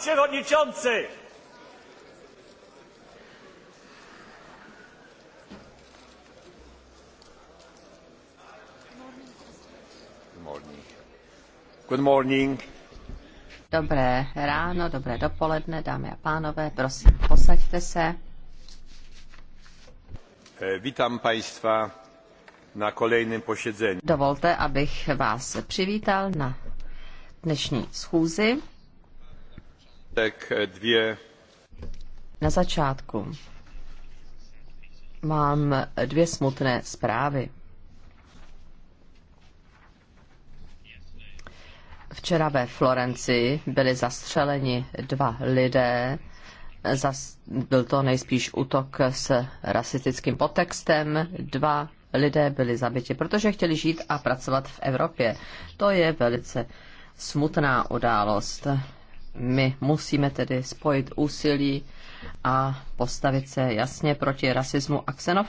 przewodniczący! Good morning. Dobré ráno, dobré dopoledne, dámy a pánové, prosím, posaďte se. E, Vítám Państwa na kolejném posiedzení. Dovolte, abych vás přivítal na dnešní schůzi. Na začátku mám dvě smutné zprávy. Včera ve Florenci byli zastřeleni dva lidé. Zas, byl to nejspíš útok s rasistickým potextem. Dva lidé byli zabiti, protože chtěli žít a pracovat v Evropě. To je velice smutná událost my musíme tedy spojit úsilí a postavit se jasně proti rasismu a ksenofobii.